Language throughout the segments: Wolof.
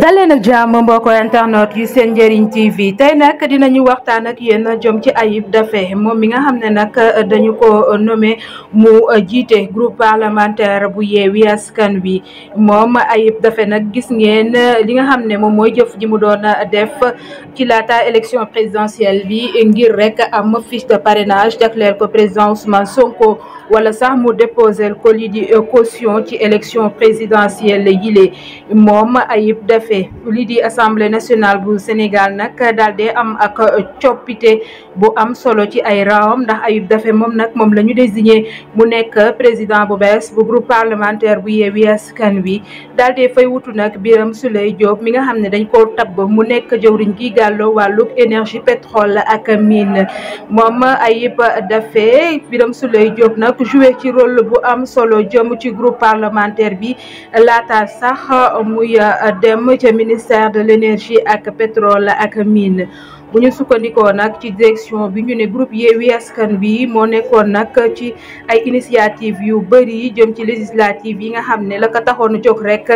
daleen ak jàmm mbokk internet yu seen njëriñ TV tey nag dinañu waxtaan ak yéen jëm ci Ayib Daffé moom mi nga xam ne nag dañu ko nommé mu jiite groupe parlementaire bu Yewwi Askan Wi moom Ayib Daffé nag gis ngeen li nga xam ne moom mooy jëf ji mu doon def ci laata élection présidentielle bi ngir rek am fiche de parrainage jagleel ko président Ousmane Sonko. wala sax mu déposé le lii di caution ci élection présidentielle yile mom Ayib Daffé lii di assemblée nationale bu Sénégal nak daldé am ak ciopité bu am solo ci ay raawam ndax Ayib dafé mom nak mom lañu désigner désigné mu nekk président bu bees bu groupe parlementaire bu Yewwi Askan Wi daal di fay wutu nak biram Souleye Diop mi nga xamné dañ ko tab mu nekk jëwriñ gi gallo wàllug énergie pétrole ak mine mom Ayib dafé biram Souleye Diop jouer joué ci rôle bu am solo jëm ci groupe parlementaire bi lata sax muy euh, dem ca ministère de l'énergie ak pétrole ak mine bu ñu sukkandikoo nag ci direction bi ñu ne groupe Yewwi Askan Wi moo nekkoon nag ci ay initiative yu bëri jëm ci législative yi nga xam ne la taxoon taxoon jóg rek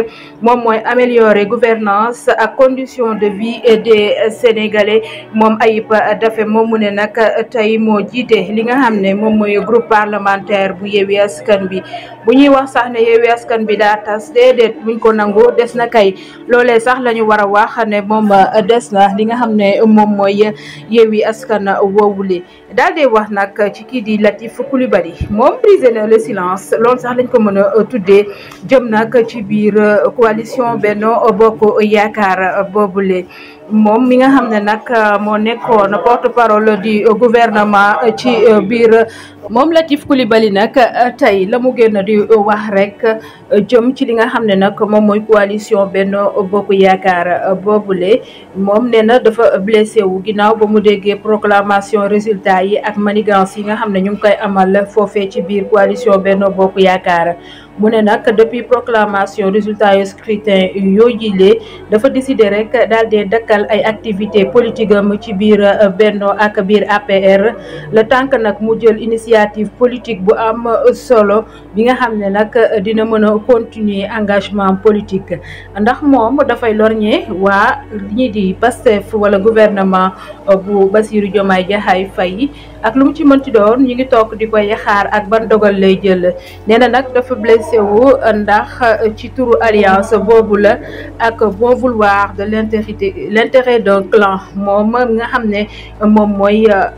moom mooy améliorer gouvernance ak condition de vie des sénégalais moom Ayib Daffé moom mu ne nag tey moo jiite li nga xam ne moom mooy groupe parlementaire bu Yewwi Askan bi bu ñuy wax sax ne Yewwi Askan Wi daa tas déedéet buñ ko nangu des na kay loolee sax la ñu war a wax ne moom des na li nga xam ne moom moy est Askan woowule daal wax nak ci ki di Latif Coulibaly mom mon le silence loolu sax lañ ko meuna tuddé jëm nak ci bir euh, coalition Benno Bokk yakar bobule mom mi nga euh, porte-parole du euh, gouvernement euh, ci bir mom Latif la di wax rek ci coalition Beno Bokou Yakar, boobule mom Nena dafa blessé wu ba proclamation résultat yi ak manigance coalition Beno Bokou mu nak depuis proclamation résultat yu scrutin yoo jilee dafa décidé rek daal di dakkal ay activité politique ci bir euh, Benno ak bir APR le tank nak mu jël initiative politique bu am solo bi nga xamné nak dina mëna continuer engagement politique ndax moom dafay wa waa ñi di Pastef wala gouvernement euh, bu Bassirou Diomaye Diakhar Faye ak lu mu ci mënti doon ñu ngi toog di koy xaar ak ban dogal lay jël nee na nag dafa blessé ndax euh, ci turu alliance boobu la ak bon vouloir de l' l'intérêt d'un clan moom nga xam ne moom mooy euh,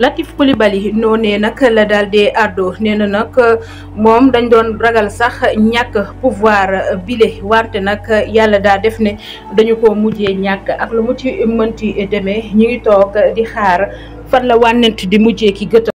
Latif Coulibaly noonee nag la daal dee àddu nee na nag euh, moom dañ doon ragal sax ñàkk pouvoir bile wante nag yàlla daa def ne dañu ko mujjee ñàkk ak lu mu ci mënti demee ñu ngi toog di xaar fan la wànnent di mujjee ki gëtt